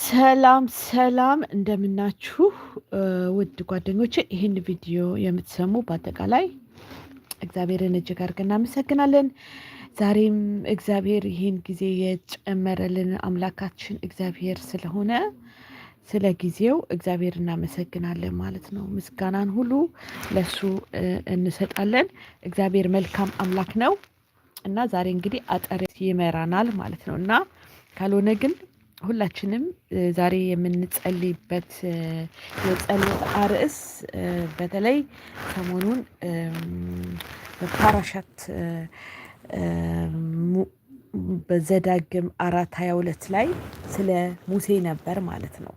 ሰላም ሰላም፣ እንደምናችሁ ውድ ጓደኞቼ፣ ይህን ቪዲዮ የምትሰሙ በአጠቃላይ እግዚአብሔርን እጅግ አድርገን እናመሰግናለን። ዛሬም እግዚአብሔር ይህን ጊዜ የጨመረልን አምላካችን እግዚአብሔር ስለሆነ ስለ ጊዜው እግዚአብሔር እናመሰግናለን ማለት ነው። ምስጋናን ሁሉ ለሱ እንሰጣለን። እግዚአብሔር መልካም አምላክ ነው እና ዛሬ እንግዲህ አጠር ይመራናል ማለት ነው እና ካልሆነ ግን ሁላችንም ዛሬ የምንጸልይበት የጸሎት አርዕስ በተለይ ሰሞኑን በፓራሻት በዘዳግም አራት ሀያ ሁለት ላይ ስለ ሙሴ ነበር ማለት ነው።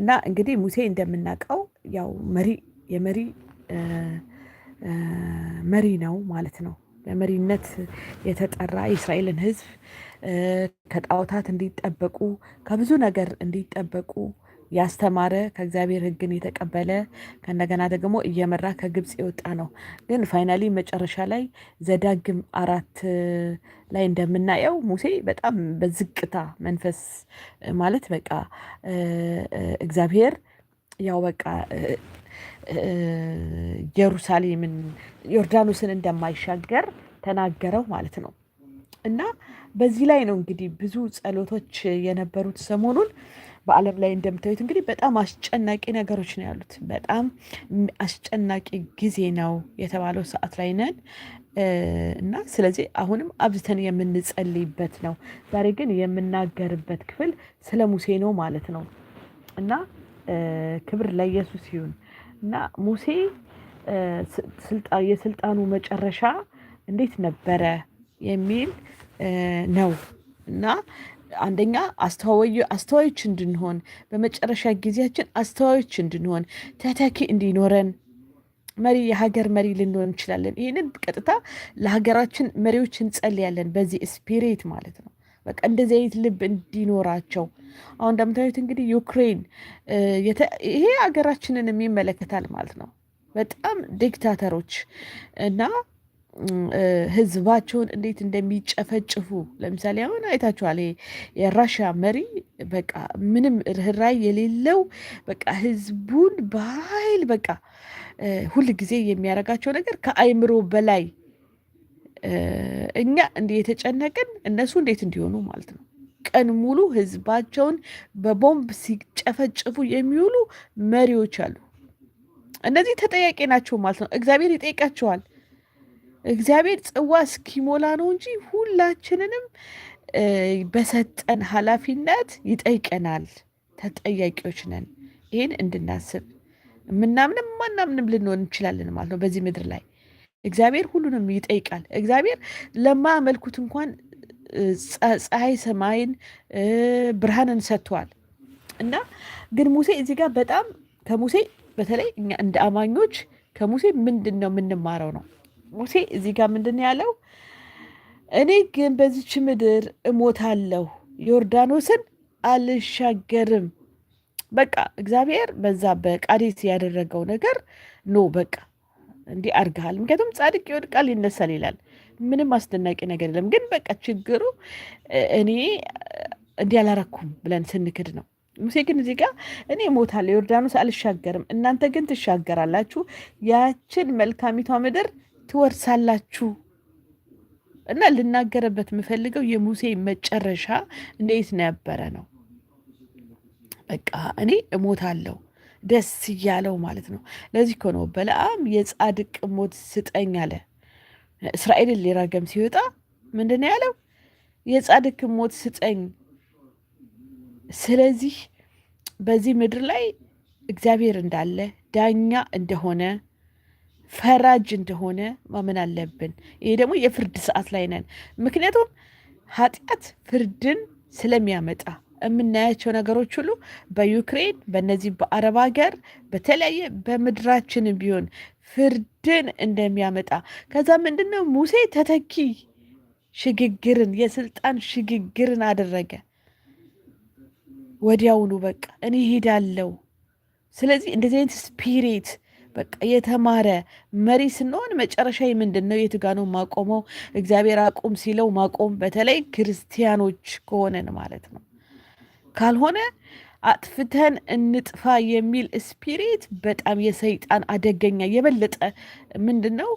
እና እንግዲህ ሙሴ እንደምናውቀው ያው መሪ የመሪ መሪ ነው ማለት ነው። ለመሪነት የተጠራ የእስራኤልን ሕዝብ ከጣዖታት እንዲጠበቁ ከብዙ ነገር እንዲጠበቁ ያስተማረ ከእግዚአብሔር ሕግን የተቀበለ ከእንደገና ደግሞ እየመራ ከግብፅ የወጣ ነው። ግን ፋይናሊ መጨረሻ ላይ ዘዳግም አራት ላይ እንደምናየው ሙሴ በጣም በዝቅታ መንፈስ ማለት በቃ እግዚአብሔር ያው በቃ ኢየሩሳሌምን ዮርዳኖስን እንደማይሻገር ተናገረው ማለት ነው እና በዚህ ላይ ነው እንግዲህ ብዙ ጸሎቶች የነበሩት ሰሞኑን በዓለም ላይ እንደምታዩት እንግዲህ በጣም አስጨናቂ ነገሮች ነው ያሉት። በጣም አስጨናቂ ጊዜ ነው የተባለው ሰዓት ላይ ነን እና ስለዚህ አሁንም አብዝተን የምንጸልይበት ነው። ዛሬ ግን የምናገርበት ክፍል ስለ ሙሴ ነው ማለት ነው እና ክብር ለኢየሱስ ይሁን እና ሙሴ የስልጣኑ መጨረሻ እንዴት ነበረ የሚል ነው እና አንደኛ አስተዋዮች እንድንሆን በመጨረሻ ጊዜያችን አስተዋዮች እንድንሆን ተተኪ እንዲኖረን መሪ የሀገር መሪ ልንሆን እንችላለን። ይህንን ቀጥታ ለሀገራችን መሪዎች እንጸልያለን። በዚህ ስፒሪት ማለት ነው። በቃ እንደዚህ አይነት ልብ እንዲኖራቸው አሁን እንደምታዩት እንግዲህ ዩክሬን ይሄ ሀገራችንን የሚመለከታል ማለት ነው። በጣም ዲክታተሮች እና ህዝባቸውን እንዴት እንደሚጨፈጭፉ ለምሳሌ አሁን አይታችኋል። የራሽያ መሪ በቃ ምንም ርኅራይ የሌለው በቃ ህዝቡን በኃይል በቃ ሁል ጊዜ የሚያደርጋቸው ነገር ከአይምሮ በላይ እኛ እንደ የተጨነቅን እነሱ እንዴት እንዲሆኑ ማለት ነው። ቀን ሙሉ ህዝባቸውን በቦምብ ሲጨፈጭፉ የሚውሉ መሪዎች አሉ። እነዚህ ተጠያቂ ናቸው ማለት ነው። እግዚአብሔር ይጠይቃቸዋል። እግዚአብሔር ጽዋ እስኪሞላ ነው እንጂ ሁላችንንም በሰጠን ኃላፊነት ይጠይቀናል። ተጠያቂዎች ነን። ይህን እንድናስብ የምናምንም ማናምንም ልንሆን እንችላለን ማለት ነው። በዚህ ምድር ላይ እግዚአብሔር ሁሉንም ይጠይቃል። እግዚአብሔር ለማያመልኩት እንኳን ፀሐይ፣ ሰማይን፣ ብርሃንን ሰጥቷል እና ግን ሙሴ እዚህ ጋር በጣም ከሙሴ በተለይ እኛ እንደ አማኞች ከሙሴ ምንድን ነው የምንማረው ነው ሙሴ እዚህ ጋር ምንድን ያለው? እኔ ግን በዚች ምድር እሞታለሁ፣ ዮርዳኖስን አልሻገርም። በቃ እግዚአብሔር በዛ በቃዴስ ያደረገው ነገር ኖ በቃ እንዲህ አድርገሃል። ምክንያቱም ጻድቅ ይወድቃል ይነሳል ይላል። ምንም አስደናቂ ነገር የለም። ግን በቃ ችግሩ እኔ እንዲህ አላረኩም ብለን ስንክድ ነው። ሙሴ ግን እዚህ ጋር እኔ እሞታለሁ፣ ዮርዳኖስ አልሻገርም፣ እናንተ ግን ትሻገራላችሁ፣ ያችን መልካሚቷ ምድር ትወርሳላችሁ እና ልናገረበት የምፈልገው የሙሴ መጨረሻ እንዴት ነበረ ነው። በቃ እኔ እሞታለሁ ደስ እያለው ማለት ነው። ለዚህ ኮ ነው በለዓም የጻድቅ ሞት ስጠኝ አለ። እስራኤልን ሊራገም ሲወጣ ምንድን ነው ያለው? የጻድቅ ሞት ስጠኝ። ስለዚህ በዚህ ምድር ላይ እግዚአብሔር እንዳለ ዳኛ እንደሆነ ፈራጅ እንደሆነ ማመን አለብን። ይሄ ደግሞ የፍርድ ሰዓት ላይ ነን። ምክንያቱም ኃጢአት ፍርድን ስለሚያመጣ የምናያቸው ነገሮች ሁሉ በዩክሬን በነዚህ በአረብ ሀገር በተለያየ በምድራችን ቢሆን ፍርድን እንደሚያመጣ ከዛ ምንድን ነው ሙሴ ተተኪ ሽግግርን የስልጣን ሽግግርን አደረገ። ወዲያውኑ በቃ እኔ ሄዳለው። ስለዚህ እንደዚህ አይነት ስፒሪት በቃ የተማረ መሪ ስንሆን መጨረሻ ምንድን ነው? የትጋ ነው ማቆመው? እግዚአብሔር አቁም ሲለው ማቆም፣ በተለይ ክርስቲያኖች ከሆነን ማለት ነው። ካልሆነ አጥፍተን እንጥፋ የሚል ስፒሪት በጣም የሰይጣን አደገኛ የበለጠ ምንድን ነው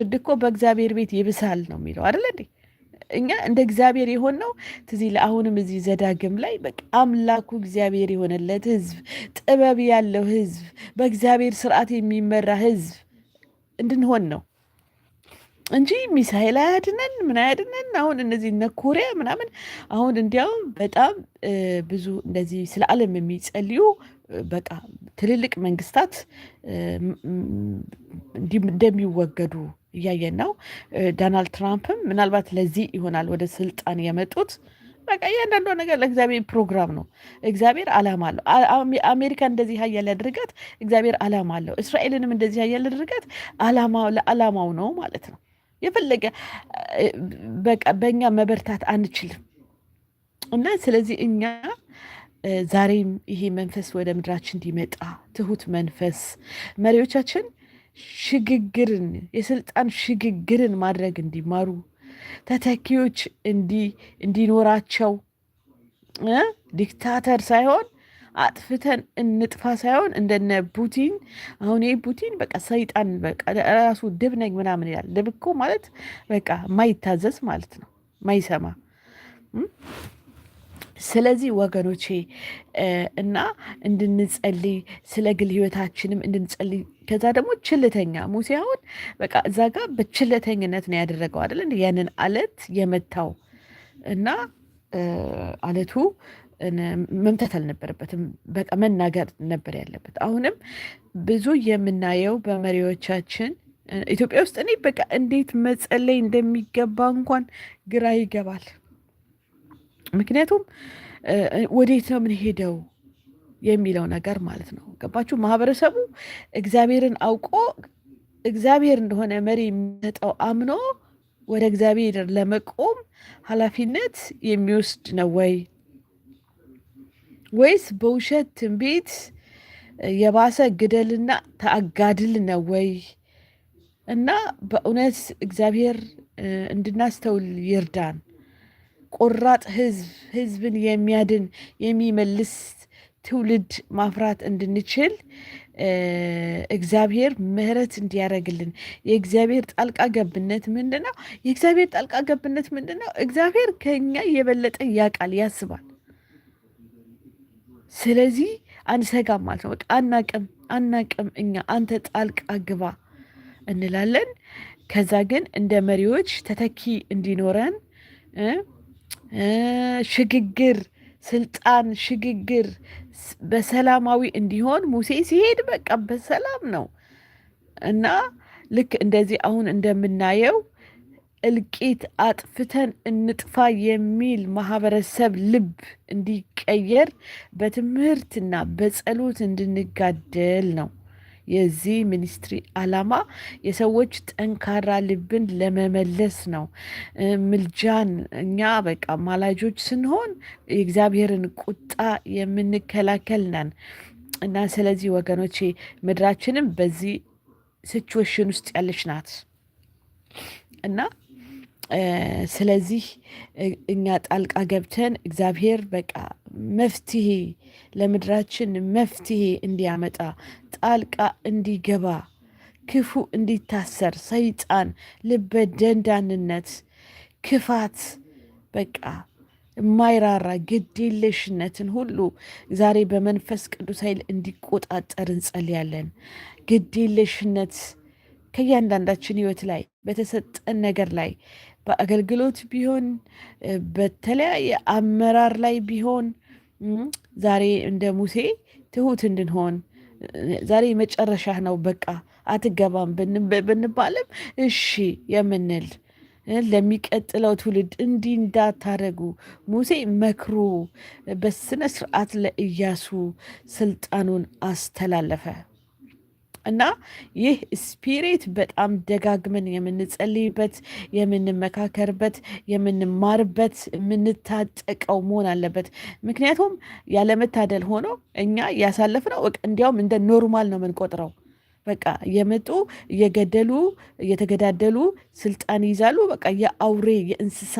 ፍርድ እኮ በእግዚአብሔር ቤት ይብሳል ነው የሚለው አይደል እንዴ? እኛ እንደ እግዚአብሔር የሆነው ትዚ ለአሁንም እዚህ ዘዳግም ላይ በቃ አምላኩ እግዚአብሔር የሆነለት ህዝብ፣ ጥበብ ያለው ህዝብ፣ በእግዚአብሔር ስርዓት የሚመራ ህዝብ እንድንሆን ነው እንጂ ሚሳኤል አያድነን ምን አያድነን። አሁን እነዚህ እነ ኮሪያ ምናምን አሁን እንዲያውም በጣም ብዙ እንደዚህ ስለ ዓለም የሚጸልዩ በቃ ትልልቅ መንግስታት እንደሚወገዱ እያየን ነው። ዶናልድ ትራምፕም ምናልባት ለዚህ ይሆናል ወደ ስልጣን የመጡት። በቃ እያንዳንዱ ነገር ለእግዚአብሔር ፕሮግራም ነው። እግዚአብሔር ዓላማ አለው። አሜሪካ እንደዚህ ሀያል ያደርጋት እግዚአብሔር ዓላማ አለው። እስራኤልንም እንደዚህ ሀያል ያደርጋት ለዓላማው ነው ማለት ነው። የፈለገ በቃ በእኛ መበርታት አንችልም እና ስለዚህ እኛ ዛሬም ይሄ መንፈስ ወደ ምድራችን እንዲመጣ ትሁት መንፈስ መሪዎቻችን ሽግግርን የስልጣን ሽግግርን ማድረግ እንዲማሩ ተተኪዎች እንዲኖራቸው ዲክታተር ሳይሆን አጥፍተን እንጥፋ ሳይሆን እንደነ ፑቲን አሁን ይህ ፑቲን በቃ ሰይጣን ራሱ ድብ ነኝ ምናምን ይላል። ድብ እኮ ማለት በቃ ማይታዘዝ ማለት ነው፣ ማይሰማ ስለዚህ ወገኖቼ እና እንድንጸልይ ስለ ግል ህይወታችንም እንድንጸልይ ከዛ ደግሞ ችልተኛ ሙሴ አሁን በቃ እዛ ጋር በችልተኝነት ነው ያደረገው አይደል እንደ ያንን አለት የመታው እና አለቱ መምታት አልነበረበትም። በቃ መናገር ነበር ያለበት። አሁንም ብዙ የምናየው በመሪዎቻችን ኢትዮጵያ ውስጥ እኔ በቃ እንዴት መጸለይ እንደሚገባ እንኳን ግራ ይገባል። ምክንያቱም ወዴት ነው የምንሄደው የሚለው ነገር ማለት ነው። ገባችሁ? ማህበረሰቡ እግዚአብሔርን አውቆ እግዚአብሔር እንደሆነ መሪ የሚሰጠው አምኖ ወደ እግዚአብሔር ለመቆም ኃላፊነት የሚወስድ ነው ወይ ወይስ በውሸት ትንቢት የባሰ ግደልና ተአጋድል ነው ወይ? እና በእውነት እግዚአብሔር እንድናስተውል ይርዳን። ቆራጥ ህዝብ፣ ህዝብን የሚያድን የሚመልስ ትውልድ ማፍራት እንድንችል እግዚአብሔር ምሕረት እንዲያደርግልን የእግዚአብሔር ጣልቃ ገብነት ምንድን ነው? የእግዚአብሔር ጣልቃ ገብነት ምንድን ነው? እግዚአብሔር ከኛ የበለጠ ያውቃል፣ ያስባል። ስለዚህ አንሰጋም ማለት ነው። በቃ አናቅም አናቅም እኛ አንተ ጣልቃ ግባ እንላለን። ከዛ ግን እንደ መሪዎች ተተኪ እንዲኖረን ሽግግር ስልጣን ሽግግር በሰላማዊ እንዲሆን ሙሴ ሲሄድ በቃ በሰላም ነው እና ልክ እንደዚህ አሁን እንደምናየው እልቂት አጥፍተን እንጥፋ የሚል ማህበረሰብ ልብ እንዲቀየር በትምህርትና በጸሎት እንድንጋደል ነው። የዚህ ሚኒስትሪ ዓላማ የሰዎች ጠንካራ ልብን ለመመለስ ነው። ምልጃን እኛ በቃ ማላጆች ስንሆን የእግዚአብሔርን ቁጣ የምንከላከል ነን እና ስለዚህ ወገኖቼ ምድራችንም በዚህ ሲቹዌሽን ውስጥ ያለች ናት እና ስለዚህ እኛ ጣልቃ ገብተን እግዚአብሔር በቃ መፍትሄ ለምድራችን መፍትሄ እንዲያመጣ ጣልቃ እንዲገባ ክፉ እንዲታሰር ሰይጣን ልበ ደንዳንነት፣ ክፋት በቃ የማይራራ ግዴለሽነትን ሁሉ ዛሬ በመንፈስ ቅዱስ ኃይል እንዲቆጣጠር እንጸልያለን። ግዴለሽነት ከእያንዳንዳችን ሕይወት ላይ በተሰጠን ነገር ላይ በአገልግሎት ቢሆን በተለያየ አመራር ላይ ቢሆን ዛሬ እንደ ሙሴ ትሁት እንድንሆን ዛሬ መጨረሻ ነው በቃ አትገባም ብንባልም እሺ የምንል ለሚቀጥለው ትውልድ እንዲህ እንዳታደረጉ ሙሴ መክሮ በስነ ስርዓት ለእያሱ ስልጣኑን አስተላለፈ። እና ይህ ስፒሪት በጣም ደጋግመን የምንጸልይበት፣ የምንመካከርበት፣ የምንማርበት፣ የምንታጠቀው መሆን አለበት። ምክንያቱም ያለመታደል ሆኖ እኛ ያሳለፍነው እንዲያውም እንደ ኖርማል ነው የምንቆጥረው። በቃ የመጡ እየገደሉ እየተገዳደሉ ስልጣን ይይዛሉ። በቃ የአውሬ የእንስሳ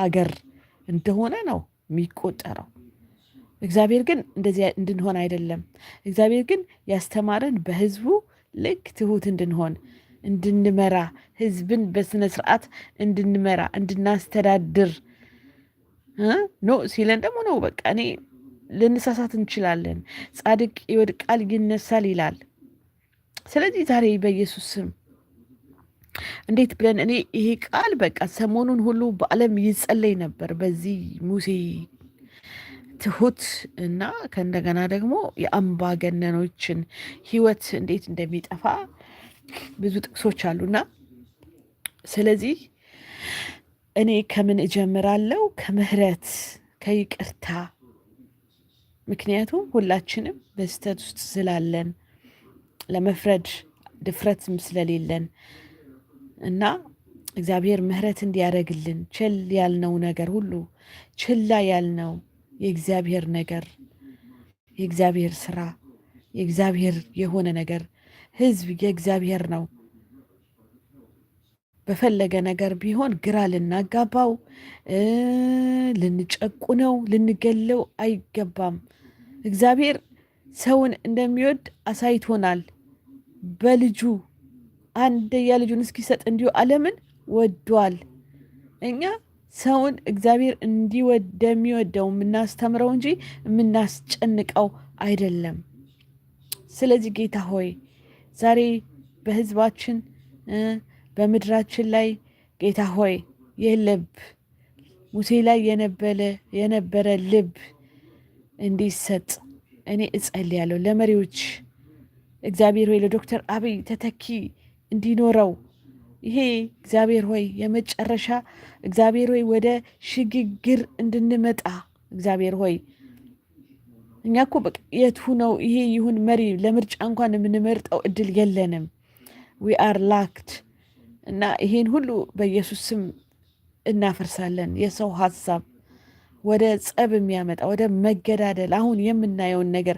ሀገር እንደሆነ ነው የሚቆጠረው። እግዚአብሔር ግን እንደዚህ እንድንሆን አይደለም። እግዚአብሔር ግን ያስተማረን በህዝቡ ልክ ትሁት እንድንሆን እንድንመራ ህዝብን በስነ ስርዓት እንድንመራ እንድናስተዳድር ኖ ሲለን ደግሞ ነው። በቃ እኔ ልንሳሳት እንችላለን። ጻድቅ ይወድቃል ይነሳል ይላል። ስለዚህ ዛሬ በኢየሱስ ስም እንዴት ብለን እኔ ይሄ ቃል በቃ ሰሞኑን ሁሉ በዓለም ይጸለይ ነበር በዚህ ሙሴ ትሁት እና ከእንደገና ደግሞ የአምባገነኖችን ህይወት እንዴት እንደሚጠፋ ብዙ ጥቅሶች አሉና ስለዚህ እኔ ከምን እጀምራለሁ? ከምህረት ከይቅርታ። ምክንያቱም ሁላችንም በስህተት ውስጥ ስላለን ለመፍረድ ድፍረትም ስለሌለን እና እግዚአብሔር ምህረት እንዲያደርግልን ችል ያልነው ነገር ሁሉ ችላ ያልነው የእግዚአብሔር ነገር የእግዚአብሔር ስራ የእግዚአብሔር የሆነ ነገር ህዝብ የእግዚአብሔር ነው። በፈለገ ነገር ቢሆን ግራ ልናጋባው፣ ልንጨቁነው፣ ልንገለው አይገባም። እግዚአብሔር ሰውን እንደሚወድ አሳይቶናል። በልጁ አንድያ ልጁን እስኪሰጥ እንዲሁ ዓለምን ወዷል። እኛ ሰውን እግዚአብሔር እንዲወደሚወደው የምናስተምረው እንጂ የምናስጨንቀው አይደለም። ስለዚህ ጌታ ሆይ ዛሬ በህዝባችን በምድራችን ላይ ጌታ ሆይ ይህ ልብ ሙሴ ላይ የነበረ ልብ እንዲሰጥ እኔ እጸልያለሁ። ለመሪዎች እግዚአብሔር ወይ ለዶክተር አብይ ተተኪ እንዲኖረው ይሄ እግዚአብሔር ሆይ የመጨረሻ እግዚአብሔር ሆይ ወደ ሽግግር እንድንመጣ እግዚአብሔር ሆይ እኛ እኮ የቱ ነው ይሄ ይሁን መሪ ለምርጫ እንኳን የምንመርጠው እድል የለንም። ዊ አር ላክድ እና ይሄን ሁሉ በኢየሱስ ስም እናፈርሳለን። የሰው ሀሳብ ወደ ጸብ የሚያመጣ ወደ መገዳደል፣ አሁን የምናየውን ነገር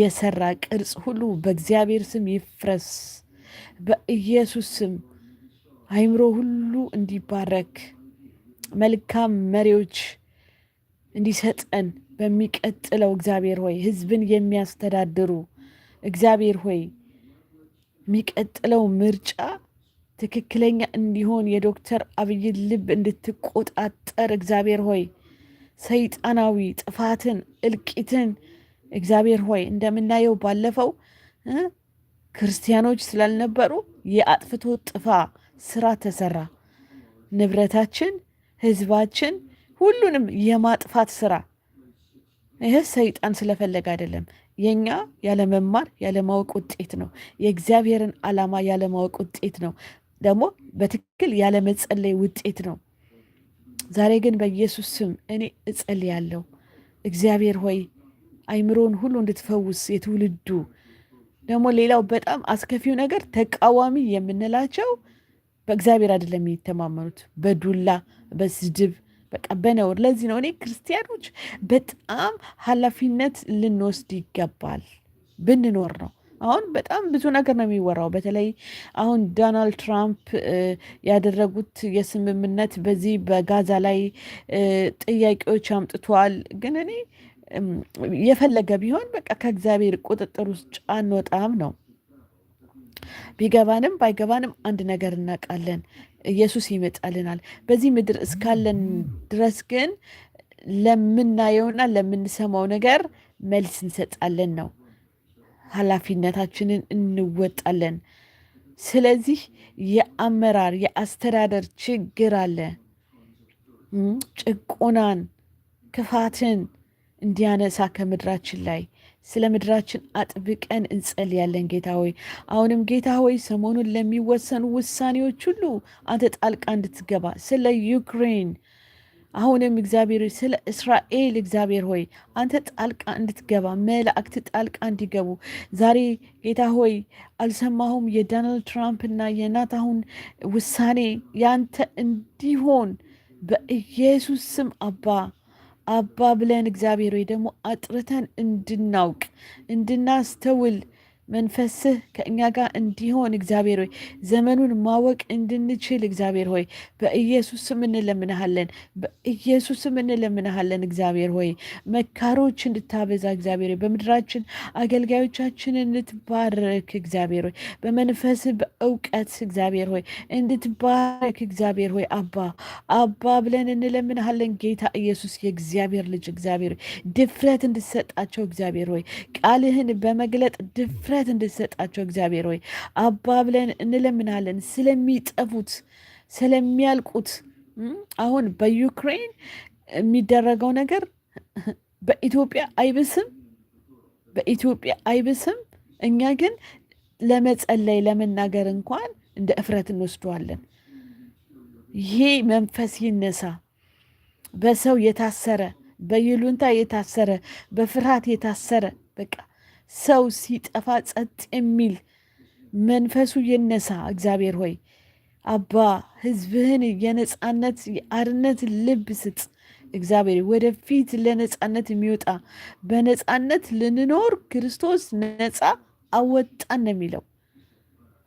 የሰራ ቅርጽ ሁሉ በእግዚአብሔር ስም ይፍረስ በኢየሱስ ስም አይምሮ ሁሉ እንዲባረክ መልካም መሪዎች እንዲሰጠን በሚቀጥለው እግዚአብሔር ሆይ ህዝብን የሚያስተዳድሩ እግዚአብሔር ሆይ የሚቀጥለው ምርጫ ትክክለኛ እንዲሆን የዶክተር አብይን ልብ እንድትቆጣጠር እግዚአብሔር ሆይ ሰይጣናዊ ጥፋትን፣ እልቂትን እግዚአብሔር ሆይ እንደምናየው ባለፈው ክርስቲያኖች ስላልነበሩ የአጥፍቶ ጥፋ ስራ ተሰራ። ንብረታችን፣ ህዝባችን፣ ሁሉንም የማጥፋት ስራ ይህ ሰይጣን ስለፈለገ አይደለም። የኛ ያለመማር ያለማወቅ ውጤት ነው። የእግዚአብሔርን ዓላማ ያለማወቅ ውጤት ነው። ደግሞ በትክክል ያለመጸለይ ውጤት ነው። ዛሬ ግን በኢየሱስ ስም እኔ እጸልያለሁ። እግዚአብሔር ሆይ አይምሮን ሁሉ እንድትፈውስ የትውልዱ ደግሞ ሌላው በጣም አስከፊው ነገር ተቃዋሚ የምንላቸው በእግዚአብሔር አይደለም የሚተማመኑት፣ በዱላ በስድብ በቃ በነውር። ለዚህ ነው እኔ ክርስቲያኖች በጣም ኃላፊነት ልንወስድ ይገባል ብንኖር ነው። አሁን በጣም ብዙ ነገር ነው የሚወራው። በተለይ አሁን ዶናልድ ትራምፕ ያደረጉት የስምምነት በዚህ በጋዛ ላይ ጥያቄዎች አምጥቷል። ግን እኔ የፈለገ ቢሆን በቃ ከእግዚአብሔር ቁጥጥር ውስጥ አንወጣም ነው ቢገባንም ባይገባንም አንድ ነገር እናውቃለን፣ ኢየሱስ ይመጣልናል። በዚህ ምድር እስካለን ድረስ ግን ለምናየውና ለምንሰማው ነገር መልስ እንሰጣለን ነው፣ ኃላፊነታችንን እንወጣለን። ስለዚህ የአመራር የአስተዳደር ችግር አለ። ጭቆናን፣ ክፋትን እንዲያነሳ ከምድራችን ላይ ስለ ምድራችን አጥብቀን እንጸልያለን። ጌታ ሆይ አሁንም ጌታ ሆይ ሰሞኑን ለሚወሰኑ ውሳኔዎች ሁሉ አንተ ጣልቃ እንድትገባ ስለ ዩክሬን አሁንም እግዚአብሔር ስለ እስራኤል እግዚአብሔር ሆይ አንተ ጣልቃ እንድትገባ መላእክት ጣልቃ እንዲገቡ ዛሬ ጌታ ሆይ አልሰማሁም። የዶናልድ እና የናታሁን ውሳኔ ያንተ እንዲሆን በኢየሱስ ስም አባ አባ ብለን እግዚአብሔር ወይ ደግሞ አጥርተን እንድናውቅ እንድናስተውል መንፈስህ ከእኛ ጋር እንዲሆን እግዚአብሔር ሆይ ዘመኑን ማወቅ እንድንችል እግዚአብሔር ሆይ በኢየሱስም ስም እንለምንሃለን። በኢየሱስ እንለምንሃለን። እግዚአብሔር ሆይ መካሮች እንድታበዛ እግዚአብሔር ሆይ በምድራችን አገልጋዮቻችን እንድትባርክ እግዚአብሔር ሆይ በመንፈስ በእውቀት እግዚአብሔር ሆይ እንድትባርክ እግዚአብሔር ሆይ አባ አባ ብለን እንለምንሃለን። ጌታ ኢየሱስ የእግዚአብሔር ልጅ እግዚአብሔር ድፍረት እንድትሰጣቸው እግዚአብሔር ሆይ ቃልህን በመግለጥ ድፍረት ምህረት እንድትሰጣቸው እግዚአብሔር ሆይ አባ ብለን እንለምናለን። ስለሚጠፉት ስለሚያልቁት አሁን በዩክሬን የሚደረገው ነገር በኢትዮጵያ አይብስም፣ በኢትዮጵያ አይብስም። እኛ ግን ለመጸለይ ለመናገር እንኳን እንደ እፍረት እንወስደዋለን። ይሄ መንፈስ ይነሳ። በሰው የታሰረ በይሉንታ የታሰረ በፍርሃት የታሰረ በቃ ሰው ሲጠፋ ጸጥ የሚል መንፈሱ ይነሳ። እግዚአብሔር ሆይ አባ ህዝብህን የነፃነት የአርነት ልብ ስጥ። እግዚአብሔር ወደፊት ለነፃነት የሚወጣ በነፃነት ልንኖር ክርስቶስ ነፃ አወጣን ነው የሚለው።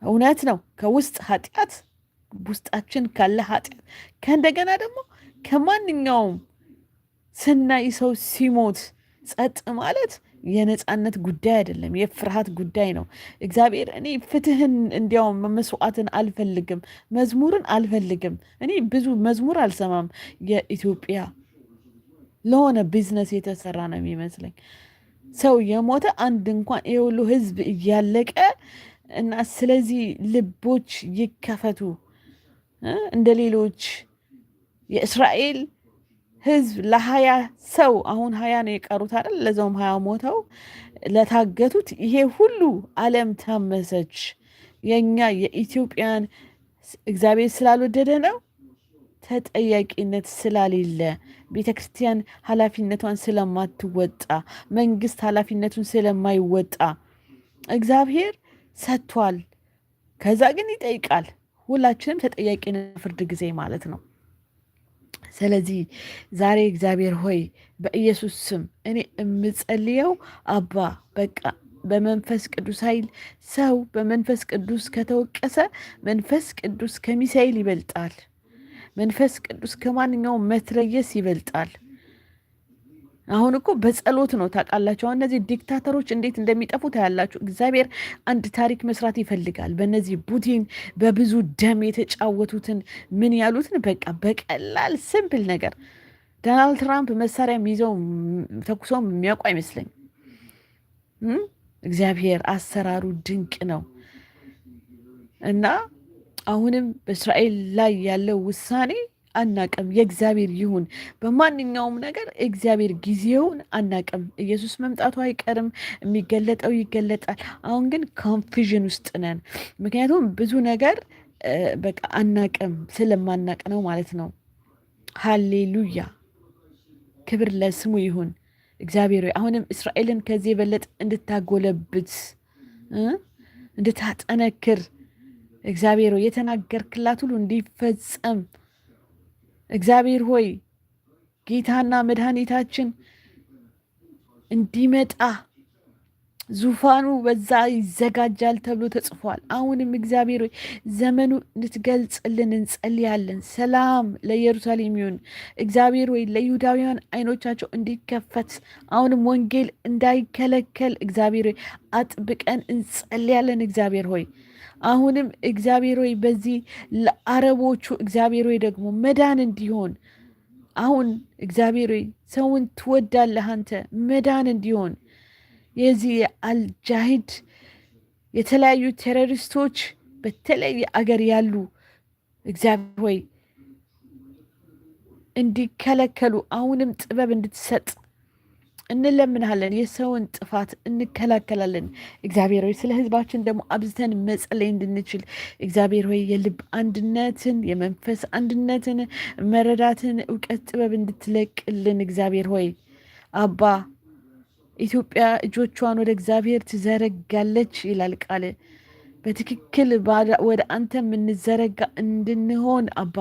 እውነት ነው። ከውስጥ ኃጢአት ውስጣችን ካለ ኃጢአት ከእንደገና ደግሞ ከማንኛውም ስናይ ሰው ሲሞት ጸጥ ማለት የነፃነት ጉዳይ አይደለም፣ የፍርሃት ጉዳይ ነው። እግዚአብሔር እኔ ፍትህን እንዲያውም መስዋዕትን አልፈልግም፣ መዝሙርን አልፈልግም። እኔ ብዙ መዝሙር አልሰማም። የኢትዮጵያ ለሆነ ቢዝነስ የተሰራ ነው የሚመስለኝ። ሰው የሞተ አንድ እንኳን የሁሉ ህዝብ እያለቀ እና ስለዚህ ልቦች ይከፈቱ እንደ ሌሎች የእስራኤል ህዝብ ለሀያ ሰው አሁን ሀያ ነው የቀሩት አይደል? ለዛውም ሀያ ሞተው ለታገቱት ይሄ ሁሉ ዓለም ታመሰች። የእኛ የኢትዮጵያን እግዚአብሔር ስላልወደደ ነው ተጠያቂነት ስላሌለ ቤተ ክርስቲያን ኃላፊነቷን ስለማትወጣ መንግስት ኃላፊነቱን ስለማይወጣ እግዚአብሔር ሰጥቷል። ከዛ ግን ይጠይቃል። ሁላችንም ተጠያቂነት ፍርድ ጊዜ ማለት ነው። ስለዚህ ዛሬ እግዚአብሔር ሆይ በኢየሱስ ስም እኔ የምጸልየው አባ በቃ በመንፈስ ቅዱስ ኃይል ሰው በመንፈስ ቅዱስ ከተወቀሰ መንፈስ ቅዱስ ከሚሳኤል ይበልጣል። መንፈስ ቅዱስ ከማንኛውም መትረየስ ይበልጣል። አሁን እኮ በጸሎት ነው ታውቃላችሁ። አሁን እነዚህ ዲክታተሮች እንዴት እንደሚጠፉ ታያላችሁ። እግዚአብሔር አንድ ታሪክ መስራት ይፈልጋል። በእነዚህ ፑቲን በብዙ ደም የተጫወቱትን ምን ያሉትን በቃ በቀላል ስምፕል ነገር ዶናልድ ትራምፕ መሳሪያ ይዘው ተኩሰውም የሚያውቁ አይመስለኝ። እግዚአብሔር አሰራሩ ድንቅ ነው እና አሁንም በእስራኤል ላይ ያለው ውሳኔ አናቅም። የእግዚአብሔር ይሁን በማንኛውም ነገር እግዚአብሔር ጊዜውን አናቅም። ኢየሱስ መምጣቱ አይቀርም፣ የሚገለጠው ይገለጣል። አሁን ግን ኮንፊዥን ውስጥ ነን፣ ምክንያቱም ብዙ ነገር በቃ አናቅም ስለማናቅ ነው ማለት ነው። ሃሌሉያ ክብር ለስሙ ይሁን። እግዚአብሔር አሁንም እስራኤልን ከዚህ የበለጠ እንድታጎለብት እንድታጠነክር እግዚአብሔር የተናገርክላት ሁሉ እንዲፈጸም እግዚአብሔር ሆይ ጌታና መድኃኒታችን እንዲመጣ ዙፋኑ በዛ ይዘጋጃል ተብሎ ተጽፏል። አሁንም እግዚአብሔር ሆይ ዘመኑ እንድትገልጽልን እንጸልያለን። ሰላም ለኢየሩሳሌም ይሁን። እግዚአብሔር ወይ ለይሁዳውያን አይኖቻቸው እንዲከፈት አሁንም ወንጌል እንዳይከለከል እግዚአብሔር ሆይ አጥብቀን እንጸልያለን። እግዚአብሔር ሆይ አሁንም እግዚአብሔር ወይ በዚህ ለአረቦቹ እግዚአብሔር ወይ ደግሞ መዳን እንዲሆን አሁን እግዚአብሔር ወይ ሰውን ትወዳለህ አንተ መዳን እንዲሆን የዚህ የአልጃሂድ የተለያዩ ቴሮሪስቶች በተለያየ አገር ያሉ እግዚአብሔር ወይ እንዲከለከሉ አሁንም ጥበብ እንድትሰጥ እንለምናለን የሰውን ጥፋት እንከላከላለን። እግዚአብሔር ሆይ ስለ ህዝባችን ደግሞ አብዝተን መጸለይ እንድንችል እግዚአብሔር ሆይ የልብ አንድነትን፣ የመንፈስ አንድነትን፣ መረዳትን፣ እውቀት፣ ጥበብ እንድትለቅልን እግዚአብሔር ሆይ አባ ኢትዮጵያ እጆቿን ወደ እግዚአብሔር ትዘረጋለች ይላል ቃል። በትክክል ወደ አንተ የምንዘረጋ እንድንሆን አባ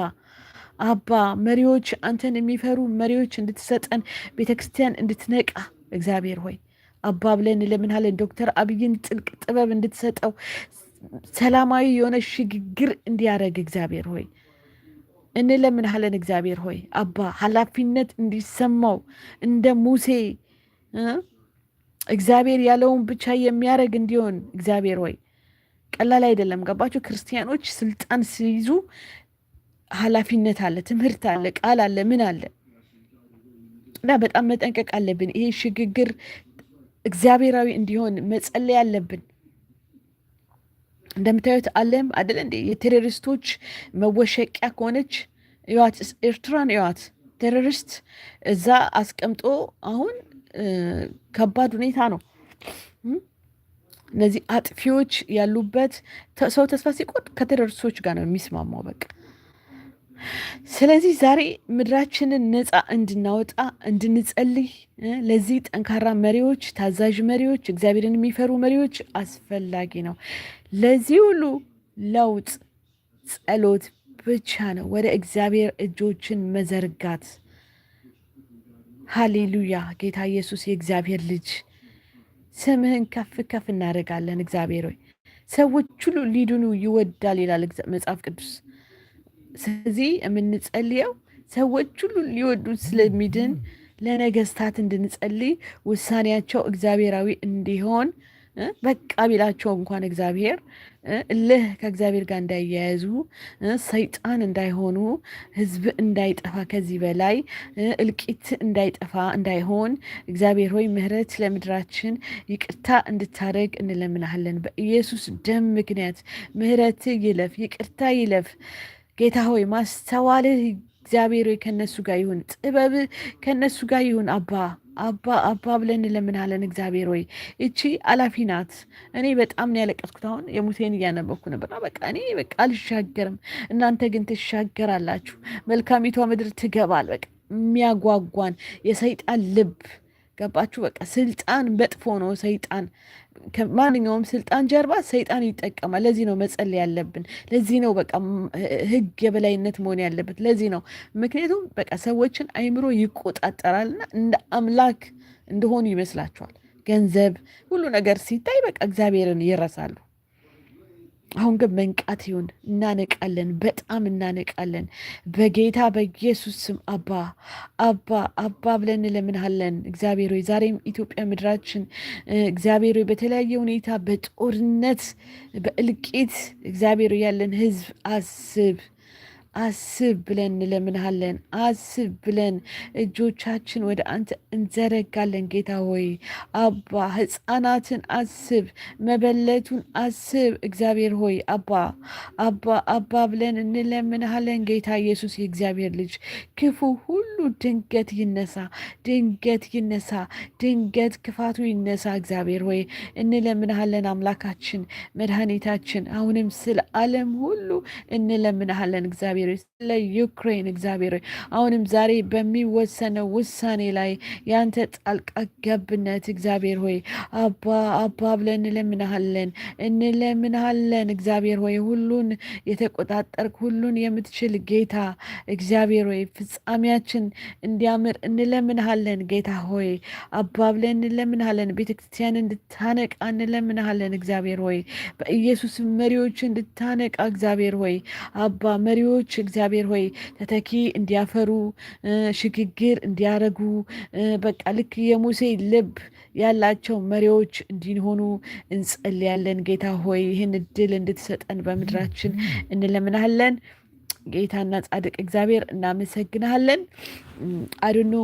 አባ መሪዎች አንተን የሚፈሩ መሪዎች እንድትሰጠን ቤተ ክርስቲያን እንድትነቃ እግዚአብሔር ሆይ አባ ብለን እንለምንሃለን። ዶክተር አብይን ጥልቅ ጥበብ እንድትሰጠው ሰላማዊ የሆነ ሽግግር እንዲያደርግ እግዚአብሔር ሆይ እንለምንሃለን። እግዚአብሔር ሆይ አባ ኃላፊነት እንዲሰማው እንደ ሙሴ እግዚአብሔር ያለውን ብቻ የሚያደርግ እንዲሆን እግዚአብሔር ሆይ ቀላል አይደለም። ገባችሁ? ክርስቲያኖች ስልጣን ሲይዙ ኃላፊነት አለ፣ ትምህርት አለ፣ ቃል አለ፣ ምን አለ እና በጣም መጠንቀቅ አለብን። ይሄ ሽግግር እግዚአብሔራዊ እንዲሆን መጸለይ አለብን። እንደምታዩት ዓለም አደለ እንዴ የቴሮሪስቶች መወሸቂያ ከሆነች ዋት ኤርትራን እዋት ቴሮሪስት እዛ አስቀምጦ አሁን ከባድ ሁኔታ ነው። እነዚህ አጥፊዎች ያሉበት ሰው ተስፋ ሲቆርጥ ከቴሮሪስቶች ጋር ነው የሚስማማው በቃ ስለዚህ ዛሬ ምድራችንን ነፃ እንድናወጣ እንድንጸልይ፣ ለዚህ ጠንካራ መሪዎች፣ ታዛዥ መሪዎች፣ እግዚአብሔርን የሚፈሩ መሪዎች አስፈላጊ ነው። ለዚህ ሁሉ ለውጥ ጸሎት ብቻ ነው፣ ወደ እግዚአብሔር እጆችን መዘርጋት። ሃሌሉያ! ጌታ ኢየሱስ የእግዚአብሔር ልጅ ስምህን ከፍ ከፍ እናደርጋለን። እግዚአብሔር ሆይ ሰዎች ሁሉ ሊድኑ ይወዳል ይላል መጽሐፍ ቅዱስ። ስለዚህ የምንጸልየው ሰዎች ሁሉ ሊወዱን ስለሚድን ለነገስታት እንድንጸልይ ውሳኔያቸው እግዚአብሔራዊ እንዲሆን በቃ ቢላቸው እንኳን እግዚአብሔር እልህ ከእግዚአብሔር ጋር እንዳያያዙ ሰይጣን እንዳይሆኑ ህዝብ እንዳይጠፋ ከዚህ በላይ እልቂት እንዳይጠፋ እንዳይሆን እግዚአብሔር ሆይ ምሕረት ለምድራችን ይቅርታ እንድታደርግ እንለምናሃለን። በኢየሱስ ደም ምክንያት ምሕረት ይለፍ፣ ይቅርታ ይለፍ። ጌታ ሆይ ማስተዋልህ እግዚአብሔር ሆይ ከነሱ ጋር ይሁን፣ ጥበብ ከነሱ ጋር ይሁን። አባ አባ አባ ብለን እንለምናለን። እግዚአብሔር ሆይ እቺ አላፊ ናት። እኔ በጣም ነው ያለቀስኩት። አሁን የሙሴን እያነበኩ ነበር። በቃ እኔ በቃ አልሻገርም፣ እናንተ ግን ትሻገራላችሁ። መልካሚቷ ምድር ትገባል። በቃ የሚያጓጓን የሰይጣን ልብ ገባችሁ? በቃ ስልጣን መጥፎ ነው። ሰይጣን ከማንኛውም ስልጣን ጀርባ ሰይጣን ይጠቀማል። ለዚህ ነው መጸለይ ያለብን። ለዚህ ነው በቃ ህግ የበላይነት መሆን ያለበት። ለዚህ ነው ምክንያቱም በቃ ሰዎችን አይምሮ ይቆጣጠራልና እንደ አምላክ እንደሆኑ ይመስላቸዋል። ገንዘብ፣ ሁሉ ነገር ሲታይ በቃ እግዚአብሔርን ይረሳሉ። አሁን ግን መንቃት ይሁን። እናነቃለን፣ በጣም እናነቃለን። በጌታ በኢየሱስ ስም አባ አባ አባ ብለን እንለምንሃለን። እግዚአብሔር ሆይ ዛሬም ኢትዮጵያ ምድራችን እግዚአብሔር ሆይ በተለያየ ሁኔታ በጦርነት በእልቂት እግዚአብሔር ያለን ሕዝብ አስብ አስብ ብለን እንለምንሃለን። አስብ ብለን እጆቻችን ወደ አንተ እንዘረጋለን። ጌታ ሆይ አባ ሕፃናትን አስብ፣ መበለቱን አስብ። እግዚአብሔር ሆይ አባ አባ አባ ብለን እንለምንሃለን። ጌታ ኢየሱስ የእግዚአብሔር ልጅ ክፉ ሁሉ ድንገት ይነሳ፣ ድንገት ይነሳ፣ ድንገት ክፋቱ ይነሳ። እግዚአብሔር ሆይ እንለምንሃለን። አምላካችን መድኃኒታችን አሁንም ስለ ዓለም ሁሉ እንለምንሃለን እግዚአብሔር virüs ለዩክሬን እግዚአብሔር አሁንም ዛሬ በሚወሰነው ውሳኔ ላይ ያንተ ጣልቃ ገብነት እግዚአብሔር ሆይ አባ አባ ብለን እንለምንሃለን እንለምንሃለን እግዚአብሔር ሆይ ሁሉን የተቆጣጠርክ ሁሉን የምትችል ጌታ እግዚአብሔር ሆይ ፍጻሜያችን እንዲያምር እንለምንሃለን ጌታ ሆይ አባ ብለን እንለምንሃለን ቤተ ክርስቲያን እንድታነቃ እንለምንሃለን እግዚአብሔር ሆይ በኢየሱስ መሪዎች እንድታነቃ እግዚአብሔር ሆይ አባ መሪዎች እግዚአብሔር እግዚአብሔር ሆይ ተተኪ እንዲያፈሩ ሽግግር እንዲያረጉ በቃ ልክ የሙሴ ልብ ያላቸው መሪዎች እንዲሆኑ እንጸልያለን። ጌታ ሆይ ይህን እድል እንድትሰጠን በምድራችን እንለምናለን። ጌታና ጻድቅ እግዚአብሔር እናመሰግናለን። አድኖ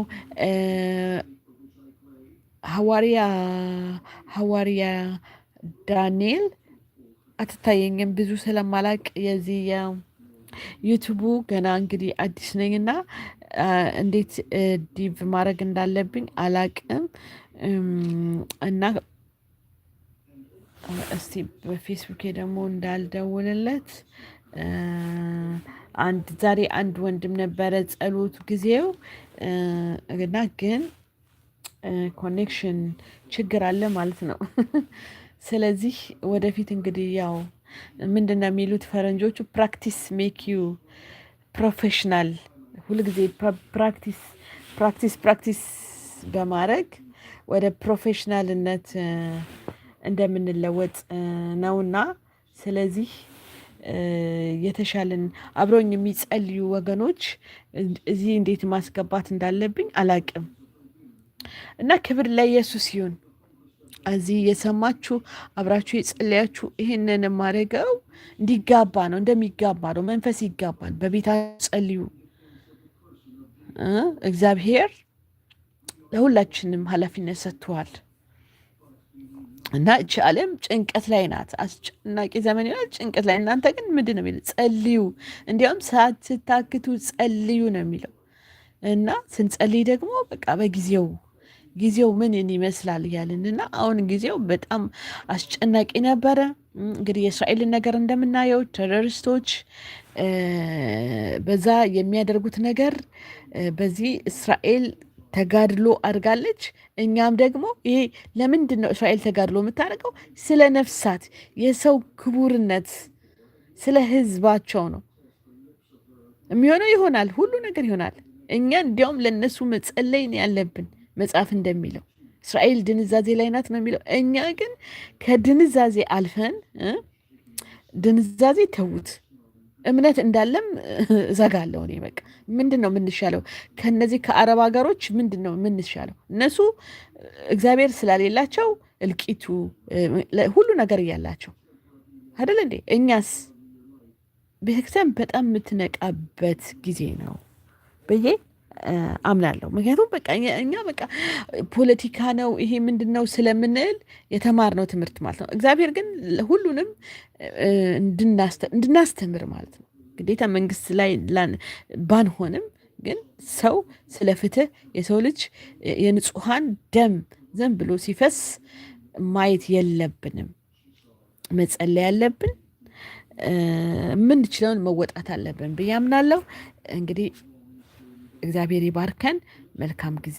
ሐዋርያ ሐዋርያ ዳንኤል አትታየኝም ብዙ ስለማላቅ የዚህ ዩቱቡ ገና እንግዲህ አዲስ ነኝ እና እንዴት ዲቭ ማድረግ እንዳለብኝ አላቅም እና እስቲ በፌስቡኬ ደግሞ እንዳልደውልለት አንድ ዛሬ አንድ ወንድም ነበረ ጸሎቱ ጊዜው እና ግን ኮኔክሽን ችግር አለ ማለት ነው። ስለዚህ ወደፊት እንግዲህ ያው ምንድን ነው የሚሉት ፈረንጆቹ? ፕራክቲስ ሜክ ዩ ፕሮፌሽናል። ሁልጊዜ ፕራክቲስ ፕራክቲስ ፕራክቲስ በማድረግ ወደ ፕሮፌሽናልነት እንደምንለወጥ ነውና ስለዚህ የተሻለን አብረኝ የሚጸልዩ ወገኖች እዚህ እንዴት ማስገባት እንዳለብኝ አላቅም እና ክብር ለኢየሱስ ይሁን። እዚህ የሰማችሁ አብራችሁ የጸለያችሁ ይህንን የማደርገው እንዲጋባ ነው፣ እንደሚጋባ ነው። መንፈስ ይጋባል። በቤታችሁ ጸልዩ። እግዚአብሔር ለሁላችንም ኃላፊነት ሰጥተዋል እና እቺ ዓለም ጭንቀት ላይ ናት። አስጨናቂ ዘመን ይሆናል፣ ጭንቀት ላይ እናንተ ግን ምንድን ነው የሚለው? ጸልዩ። እንዲያውም ሳትታክቱ ጸልዩ ነው የሚለው እና ስንጸልይ ደግሞ በቃ በጊዜው ጊዜው ምንን ይመስላል እያልንና አሁን ጊዜው በጣም አስጨናቂ ነበረ። እንግዲህ የእስራኤልን ነገር እንደምናየው ቴሮሪስቶች በዛ የሚያደርጉት ነገር በዚህ እስራኤል ተጋድሎ አድርጋለች። እኛም ደግሞ ይሄ ለምንድን ነው እስራኤል ተጋድሎ የምታደርገው? ስለ ነፍሳት፣ የሰው ክቡርነት፣ ስለ ህዝባቸው ነው የሚሆነው። ይሆናል፣ ሁሉ ነገር ይሆናል። እኛ እንዲያውም ለእነሱ መጸለይን ያለብን መጽሐፍ እንደሚለው እስራኤል ድንዛዜ ላይ ናት ነው የሚለው። እኛ ግን ከድንዛዜ አልፈን ድንዛዜ ተዉት፣ እምነት እንዳለም እዘጋለሁ እኔ በቃ። ምንድን ነው የምንሻለው? ከነዚህ ከአረብ ሀገሮች ምንድን ነው የምንሻለው? እነሱ እግዚአብሔር ስላሌላቸው እልቂቱ ሁሉ ነገር እያላቸው አይደል እንዴ? እኛስ ቤተክርስቲያን በጣም የምትነቃበት ጊዜ ነው ብዬ አምናለሁ። ምክንያቱም በቃ እኛ በቃ ፖለቲካ ነው ይሄ ምንድን ነው ስለምንል የተማርነው ትምህርት ማለት ነው። እግዚአብሔር ግን ሁሉንም እንድናስተምር ማለት ነው። ግዴታ መንግስት ላይ ባንሆንም ግን ሰው ስለ ፍትህ የሰው ልጅ የንጹሐን ደም ዘን ብሎ ሲፈስ ማየት የለብንም። መጸለይ ያለብን፣ የምንችለውን መወጣት አለብን ብዬ አምናለሁ እንግዲህ እግዚአብሔር ይባርከን። መልካም ጊዜ